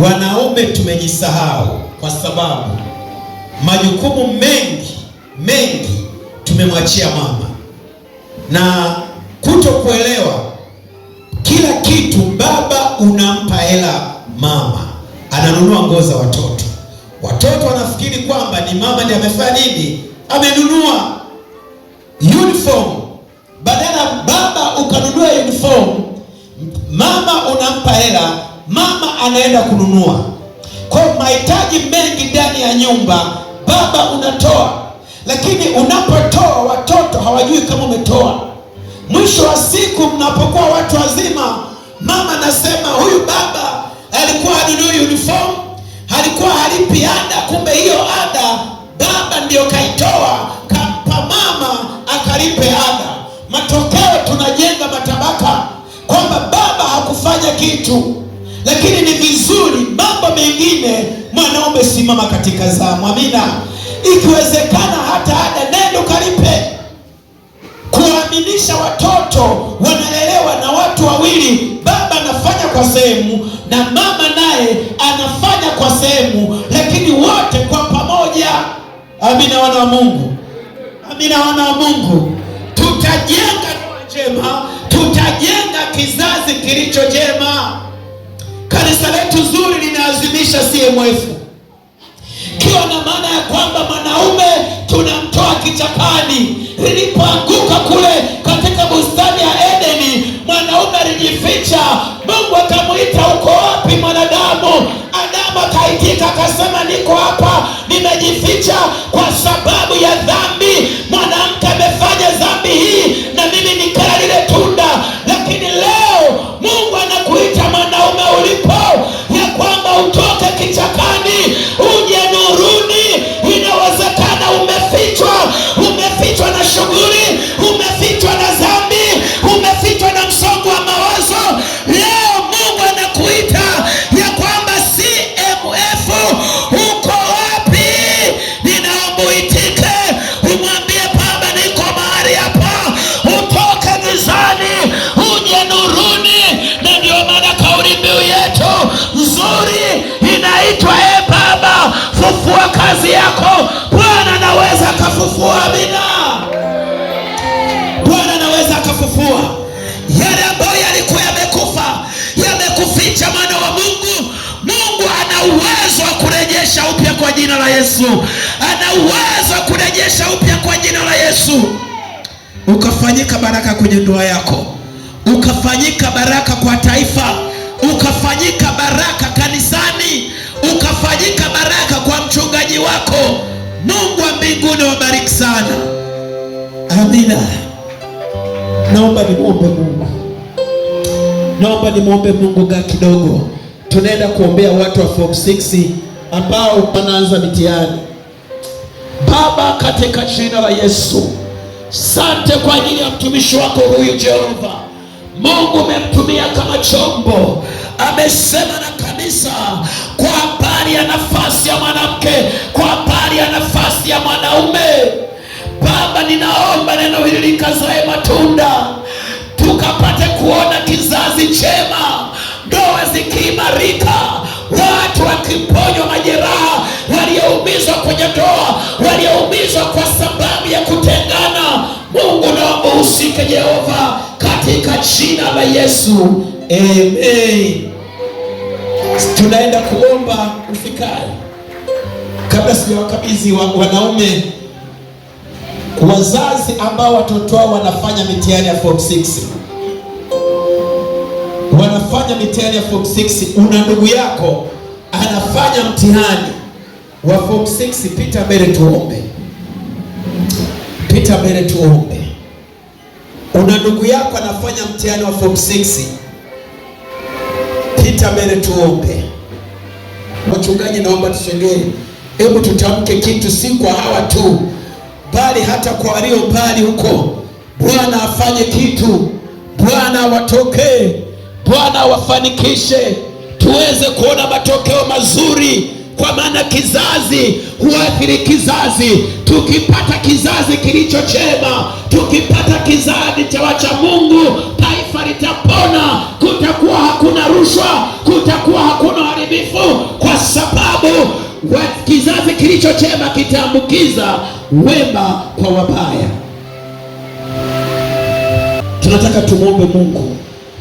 Wanaume tumejisahau kwa sababu majukumu mengi mengi tumemwachia mama, na kutokuelewa kila kitu. Baba unampa hela, mama ananunua nguo za watoto, watoto wanafikiri kwamba ni mama ndiye amefanya nini, amenunua uniform. Badala baba ukanunua uniform, mama unampa hela mama anaenda kununua, kwa mahitaji mengi ndani ya nyumba, baba unatoa, lakini unapotoa watoto hawajui kama umetoa. Mwisho wa siku mnapokuwa watu wazima, mama anasema huyu baba alikuwa hanunui uniform, alikuwa halipi ada, kumbe hiyo ada baba ndiyo kaitoa, kampa mama akalipe ada. Matokeo tunajenga matabaka kwamba baba hakufanya kitu lakini ni vizuri mambo mengine mwanaume simama katika zamu. Amina. Ikiwezekana hata ada nendo kalipe, kuaminisha watoto wanaelewa na watu wawili, baba anafanya kwa sehemu na mama naye anafanya kwa sehemu, lakini wote kwa pamoja. Amina wana wa Mungu, amina wana wa Mungu, tutajenga njema, tutajenga kizazi kilicho jema. Kanisa letu zuri linaazimisha CMF kiwa na maana ya kwamba mwanaume tunamtoa kichakani, lilipoanguka kule la Yesu. Ana wa kurejesha upya kwa jina la Yesu, ukafanyika baraka kwenye ndoa yako, ukafanyika baraka kwa taifa, ukafanyika baraka kanisani, ukafanyika baraka kwa mchungaji wako. Mungu wa mbinguni wabariki sana. Amina. Naomba nimwombe Mungu, naomba nimwombe Mungu ga kidogo, tunaenda kuombea watu wa form 6 ambao panaanza mitihani. Baba, katika jina la Yesu, sante kwa ajili ya mtumishi wako huyu Jehova Mungu, umemtumia kama chombo. Amesema na kanisa kwa habari ya nafasi ya mwanamke, kwa habari ya nafasi ya mwanaume. Baba, ninaomba neno hili likazae matunda, tukapate kuona kizazi chema, ndoa zikiimarika usikike Jehova, katika jina la Yesu amen. Tunaenda kuomba ufikari. Kabla sijawakabidhi wa, wanaume wazazi ambao watoto wao wanafanya mitihani ya form 6 wanafanya mitihani ya form 6. Una ndugu yako anafanya mtihani wa form 6, pita mbele tuombe, pita mbele tuombe. Una ndugu yako anafanya mtihani wa form 6, pita mbele tuombe. Wachungaji, naomba tusogee, hebu tutamke kitu, si kwa hawa tu, bali hata kwa walio mbali huko. Bwana afanye kitu, Bwana watokee, Bwana wafanikishe, tuweze kuona matokeo mazuri kwa maana kizazi huathiri kizazi. Tukipata kizazi kilicho chema, tukipata kizazi cha wacha Mungu, taifa litapona. Kutakuwa hakuna rushwa, kutakuwa hakuna uharibifu, kwa sababu kizazi kilicho chema kitaambukiza wema kwa wabaya. Tunataka tumwombe Mungu.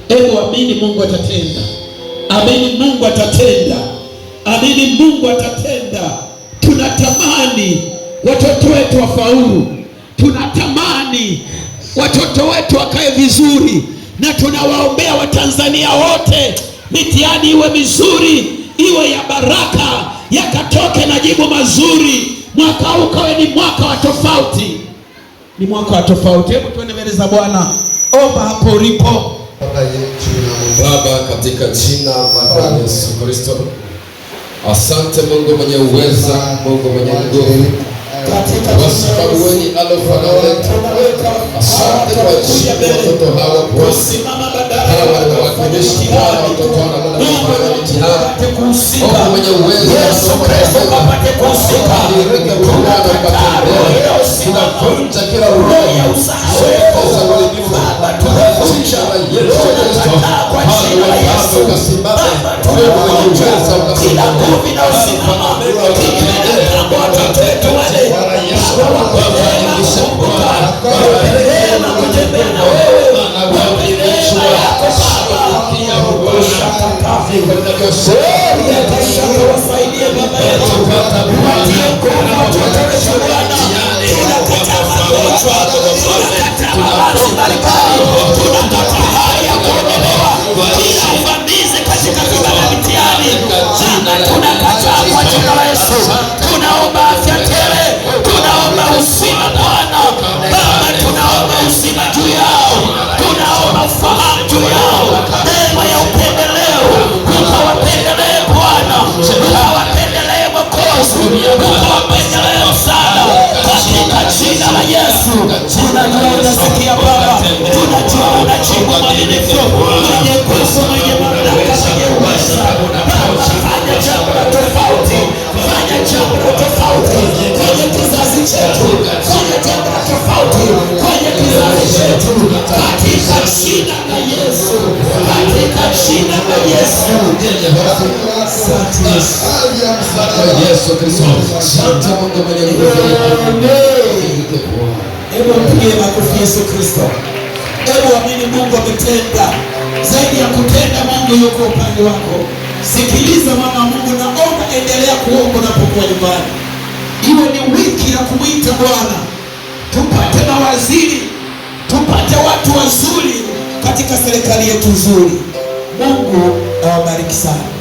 ewe amini Mungu atatenda, amini Mungu atatenda amini ah, Mungu atatenda. Tunatamani watoto wetu wafaulu, tunatamani watoto wetu wakae vizuri, na tunawaombea Watanzania wote mitihani iwe mizuri, iwe ya baraka, yakatoke na jibu mazuri. Mwaka huu ukawe ni mwaka wa tofauti, ni mwaka wa tofauti. Hebu tuende mbele za Bwana, omba hapo ulipo. Baba, katika jina la Yesu Kristo Asante Mungu mwenye uweza, Mungu mwenye nguvu, kwa sababu wewe ni Alfa na Omega. Asante kwa ajili ya watoto hawa hawa ni hawa watoto na wanafanya mitihani. Mungu mwenye uweza, Mungu apate kuhusika, tunavunja kila roho ya usahau za uharibifu, tunavunja na Yesu Kristo, kwa jina la Yesu, mwenye uweza tunakataa magonjwa tunakataa maradhi mbalimbali ukawapenye leo sana katika jina la Yesu. Tunajua unasikia Baba, tunajua unajibu mwadilifu, mwenye nguvu, mwenye mamlaka, mwenye uweza. fanya jambo tofauti, fanya jambo tofauti kwenye kizazi chetu, fanya jambo tofauti kwenye kizazi chetu katika jina la Yesu, katika jina la Yesu. Yesu Kristo. Asante Mungu mwenye nguvu. Hebu mpigie makofi Yesu Kristo. Hebu amini Mungu ametenda. Zaidi ya kutenda, Mungu yuko upande wako. Sikiliza mama Mungu, naomba endelea kuomba unapokuwa nyumbani. Iwe ni wiki ya kumwita Bwana, tupate mawaziri, tupate watu wazuri katika serikali yetu nzuri. Mungu awabariki sana.